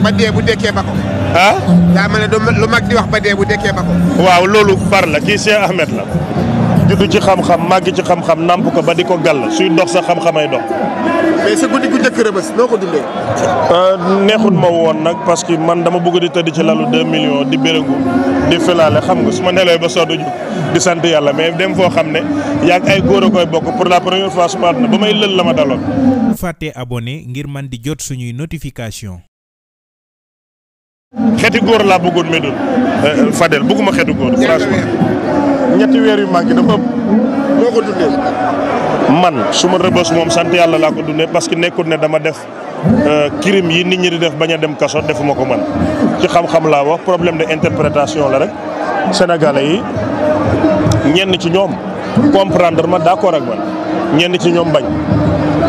ba dee bu dekkee ba ko. ah. mel ne lu mag di wax ba bu dekkee ba waaw loolu far la kii Cheikh Ahmed la. juddu ci xam-xam màgg ci xam-xam nàmp ko ba di ko gàll suy dox sa xam ay dox. mais sa guddi gu njëkk rëbës noo ko dundee. Euh, neexut ma woon nag parce man dama bëgg di tëdd ci lalu 2 million di bérégu di filaale xam nga su ma nelawee ba soddu di sant yàlla mais dem foo xam ne yaag ay góor a koy bokk pour la première fois su ma ba may lël la ma daloon. bu fàttee abonné ngir man di jot suñuy notification xeeti góor laa bëggoon Médoune euh, Fadel bëgguma xeeti góor franchement ñetti weer yu manqué dafa ëpp noo ko dundee man su rëbës moom sant yàlla laa ko dundee parce que nekkul ne dama def euh, crime yi nit ñi di def bañ a dem kaso defuma ko man ci xam-xam laa wax problème de interprétation la rek sénégalais yi ñenn ci ñoom comprendre ma d'accord ak man ñenn ci ñoom bañ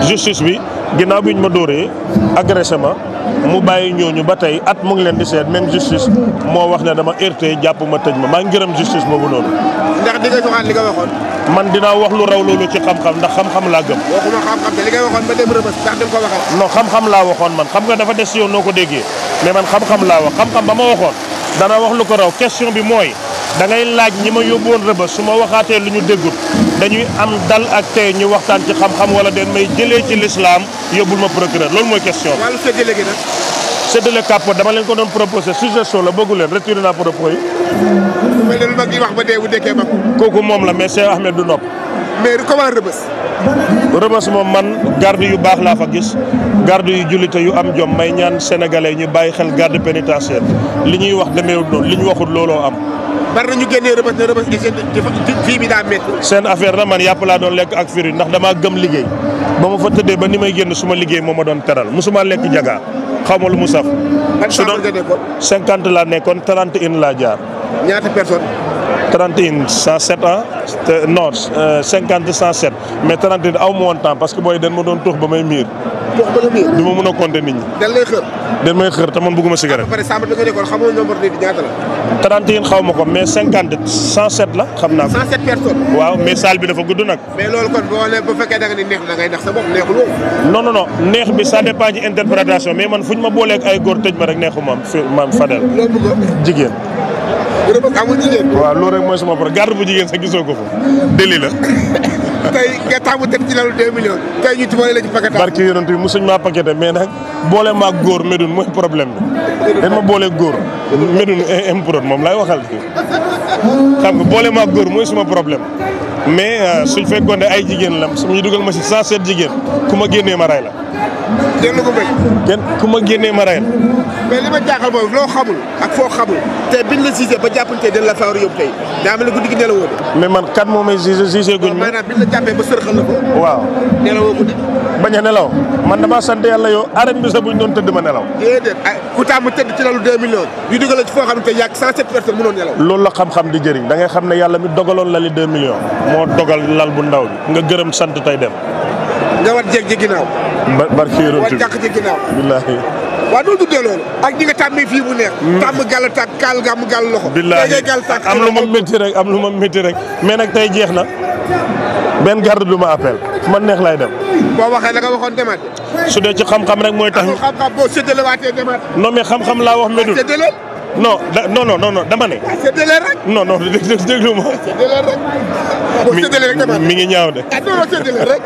justice bi ginnaaw bi ñu ma dóoree agressé ma mu bàyyi ñooñu ba tey at mu ngi leen di seet même justice moo wax ne dama heurté jàppuma ma tëj ma maa ngi gërëm justice boobu noonu. ndax di nga li nga waxoon. man dinaa wax lu raw loolu ci xam-xam ndax xam-xam laa gëm. waxuma xam-xam te li ngay waxoon ba dem rëbës ndax di ko waxal. non xam-xam laa waxoon man xam nga dafa des yoon noo ko déggee mais man xam-xam laa wax xam-xam ba ma waxoon danaa wax lu ko raw question bi mooy da ngay laaj ñi ma yóbboon rëba su ma waxaatee lu ñu déggut dañuy am dal ak tey ñu waxtaan ci xam-xam wala den may jëlee ci lislaam yóbbul ma procureur loolu mooy question bi. wàllu dama leen ko doon proposé suggestion la bëggu leen retiré naa propos yi. kooku moom la mais Cheikh Ahmed du nopp. mais comment rëbës. rëbës moom man garde yu baax laa fa gis garde yu jullite yu am jom may ñaan sénégalais ñu bàyyi xel garde pénitentiaire li ñuy wax demeewul noonu li ñu waxul looloo am bari nañu génnee rëbës na rëbës gi seen fii bi seen affaire la man yàpp laa doon lekk ak firi ndax damaa gëm liggéey ba ma fa tëddee ba ni may génn suma liggéey moo ma doon teral musuma lekk jaga xaw ma lu mu saf. su doon cinquante laa nekkoon 31 laa jaar. ñaata personne 31 107 ah non 50 euh, 107 mais 31 aw ma parce que booy den ma doon tuux ba may miir. tuux ma mën a compter nit ñi. dañ may xër te man bëgguma cigarette. ba pare sàmm di ko nekkoon xamoo nombre nit ñaata xaw ma ko mais 50 107 la xam naa ko. 107 personnes. waaw mais salle bi dafa gudd nag. mais loolu kon boo nee bu fekkee da nga ni neex da ngay nax sa bopp neexul woon. non neex bi ça dépend ci interprétation mais man fu ñu ma booleek ay góor tëj ma rek neexu ma am fi ma am Fadel. loolu bëgg bu waaw loolu rek mooy sama problème garde bu jigéen sax gisoo ko fa la. tey nga taamu dem ci lalu 2 millions tey ñu tubaale la ci paquet. barke yonent bi mosuñ maa paqueté mais nag boole maa góor Médoune mooy problème bi. dañ ma boole góor Médoune impro eh, moom laay waxal fii xam nga boole maa góor mooy suma problème. mais euh, suñ fekkoon ne ay jigéen la su ñu dugal ma si 107 jigéen ku ma génnee ma la. kenn ko bëgg. kenn ku ma génnee ma ray la. mais li ma jaaxal mooy loo xamul ak foo xamul te biñ la gisee ba jàppante dañ la fa yóbbu tey daa mel ni guddi gi ne man kat moom may gisee gisee guñ ma. maanaam biñ la jàppee ba sërxal la ko. waaw ne la a nelaw man damaa sant yàlla yow arène bi sax buñ doon tëdd ma nelaw. déedéet ay ah, ku tax tëdd ci lalu 2 millions ñu dugal foo xam ne tey yàgg 107 personnes di jëriñ da ngay xam ne yàlla mi dogaloon la li 2 moo dogal lal bu ndaw bi nga gërëm sant tay dem. nga war jéeg ji ginnaaw. mbar mbar kii war jàq ji ginnaaw. billaahi. waaw doo tuddee loolu. ak ñi nga tàmmee fii mu neex. Hmm. tàmm gàll tàkk kaal nga am loxo. billaahi am lu ma métti rek am ma métti rek. mais nag tey jeex na benn garde du ma appel man neex laay dem. boo waxee la nga waxoon demaat. su dee ci xam-xam rek mooy tax. amul xam-xam boo séddalewaatee demaat. non xam-xam laa wax medul. non non non non dama ne. Ah, séddale rek. mi ngi ñaaw de. ah non non séddale rek.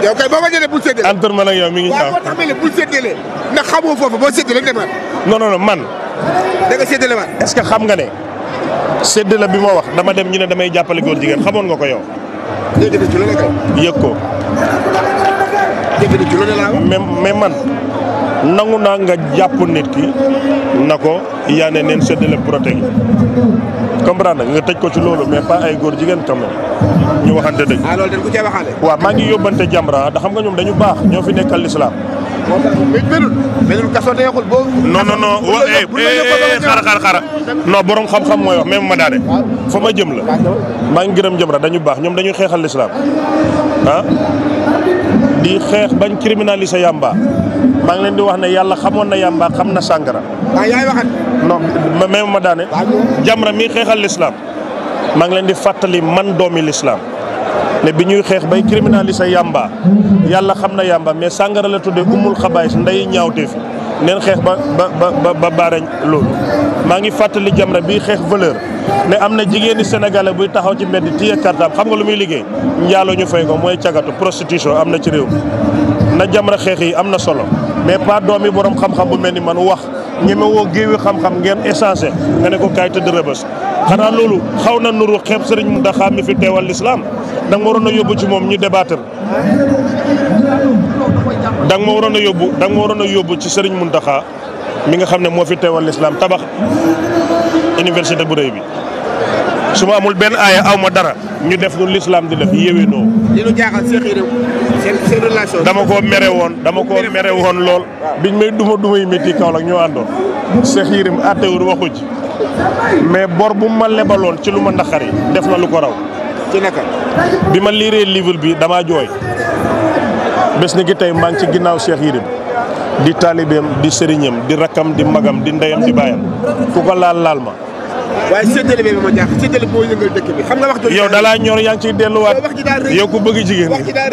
yow ma jëlee bul mi ngi ñaaw waaw bul séddale. ndax xamoo foofu boo séddale rek dama. non man. da nga séddale est-ce que xam nga ne séddale bi ma wax dama dem ñu ne damay jàppale góor jigéen xamoon nga ko yow. yëg ko. man. nangu naa nga jàpp nit ki na ko yaa ne neen séddale protégé comprendre nga tëj ko ci loolu mais pas ay góor jigéen quand même ñu waxante dëgg. ah maa ngi yóbbante Jamra da xam nga ñoom dañu baax ñoo fi nekkal lislaam. moo tax melul melul kaso neexul boo. non non eh, eh, eh, borom xam-xam mooy wax même ma daane. fa ma jëm la. maa ngi gërëm Jamra dañu baax ñoom dañu xeexal lislaam ah. di xeex bañ criminaliser yàmba maa ngi leen di wax ne yàlla xamoon na yàmba xam na sàngara. waaw yaay waxat. ma même ma daane. Jamra mi xeexal lislaam maa ngi leen di fàttali man doomi lislaam ne bi ñuy xeex bay criminaliser yàmba yàlla xam na yàmba mais sàngara la tuddee umul xabaay nday ñaawteef neen xeex ba ba ba maa ngi fàttali Jamra bi xeex valeur. ne am na jigéeni sénégalais buy taxaw ci mbedd téye kartaam xam nga lu muy liggéey njaaloo ñu fay ko mooy cagatu prostitution am na ci réew na jamra xeex yi am na solo mais pas doom yi borom xam-xam bu mel ni man wax ñeme woo géewi xam-xam ngeen échangé nga ne ko kaay tëdd rëbës xanaa loolu xaw na nuru xeeb sëriñ Mountakha mi fi teewal lislaam dang nga waroon a yóbbu ci moom ñu débattre da nga waroon a yóbbu da waroon a yóbbu ci sëriñ Mountakha mi nga xam ne moo fi teewal lislaam tabax université bu rëy bi su ma amul benn aaya aw ma dara ñu def lu lislaam di def yéwénoo. li nu dama ko mere woon dama koo mere woon lool. biñ may duma duma yi métti kaw la ñoo àndoon. Cheikh Yérim àttewul waxu ji mais bor bu ma lebaloon ci lu ma naqari def na lu ko raw. ci naka. bi ma liiree livre bi damaa jooy bés ni gi tey maa ngi ci ginnaaw seex Yérim. di taalibeem di sëriñam di rakkam di magam di ndeyam di baayam ku ko laal laal ma. yow da laa ñor yaa ciy delluwaat yow ku bëgg jigéen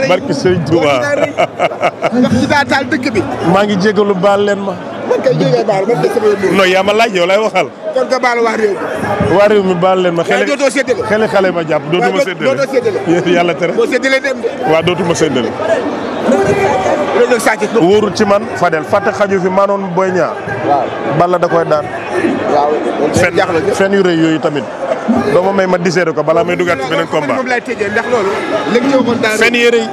barki sëriñ Tuubaa maa ngi jégalu baal leen ma. man kay yaa ma laaj yow lay waxal. kon nga baal waa réew leen ma. xëy na xëy na xale ma jàpp dootuma séddale. waaw yàlla tere boo dootuma séddale. loolu ci man Fadel fàtte xaju fi maanoon Boy Niang. Balla da koy daan. fen yu rëy yooyu tamit. doo ma may ma diseere ko balaa may dugaat ci beneen ko daal fen yi rëy.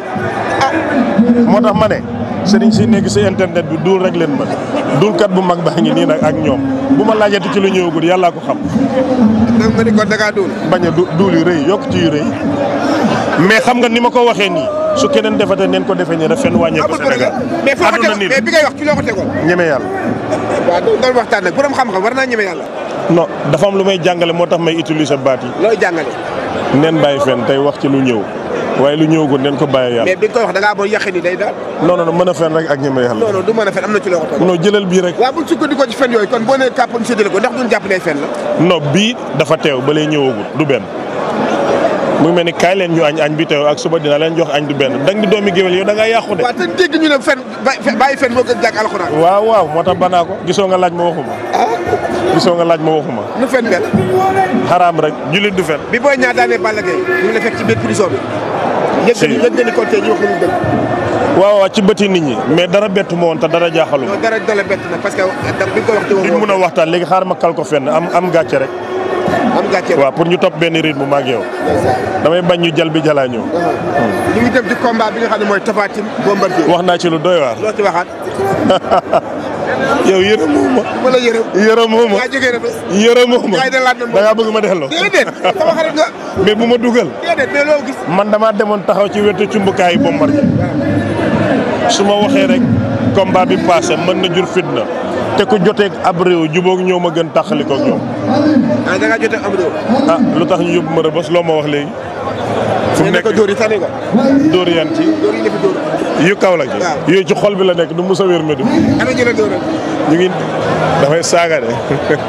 Ah. moo tax ma ne. sëriñ si nekk si internet bi duul rek leen ma duul kat bu mag baa ngi nii nag ak ñoom bu ma laajati ci lu ñëwagul yàllaa ko xam. donc nga ni ko dangaa duul. bañ a du duul yu rëy yokk ci yu rëy mais xam nga ni ma ko waxee nii su keneen defatee neen ko defee nii rek fenn wàññeeku Sénégal. adduna mais bi ngay wax ci loo ko tegoon. ñeme yàlla. waaw waxtaan nag borom xam-xam war naa ñeme yàlla. non dafa am lu may jàngale moo tax may utiliser baat yi. looy jàngale. neen bàyyi fenn tey wax ci lu ñëw waaye lu ñëwagul dañ ko bàyyi yàlla. mais day daal. non mën a fen rek ak ñeme yàlla. non non mën a fen am na ci loo ko non jëlal bii rek. waaw bu ñu sukkandikoo ci fen yooyu kon boo nee kàpp ñu séddale ko ndax duñ jàpp ne fen la. non bii dafa teew ba lay ñëwagul du benn mu ngi mel ni kaay leen ñu añ añ bi teew ak suba dinaa leen jox añ du benn dang ni doomi géwél yow da ngaa yàqu de. waaw te dégg ñu ne fen bàyyi fen moo gën waaw waaw moo tax gisoo nga laaj ma waxuma. Ah? gisoo nga laaj ma waxuma. nu fen mel. xaraam rek jullit du fen. bi booy ñaar daanee Balla Gaye ñu la fekk ci biir prison si yëg waaw waaw ci bëti nit ñi mais dara bettu ma woon te dara jaaxalu ma. dara dara bett parce que bi ko mën a waxtaan léegi xaar ma kal ko fenn am am gàcce rek. am gàcce waaw pour ñu topp benn rythme ma ak yow. damay bañ ñu jal bi jalaañoo. Hmm. ñu mooy Tapha Tine Bombardier. wax naa ci lu doy waar. loo ci yow yërëmoo ma. ma la yërëm. yërëmoo ma. bëgg ma delloo. mais bu ma dugal. man damaa demoon taxaw ci wetu cumbukaay Bombardier. su ma waxee rek combat bi passé mën na jur fitna te ku joteeg ab réew jubóog ñoom a gën taxali koog ñoom. ah ah lu tax ñu yóbbu ma rëbës loo ma wax léegi. fu mu nekk dóor yi tane nga. dóor yan ci. dóor yi dóor. yu kaw la ci. yooyu ci xol bi la nekk du mos a wér medu. ana ñu la dóoral. ñu saaga de.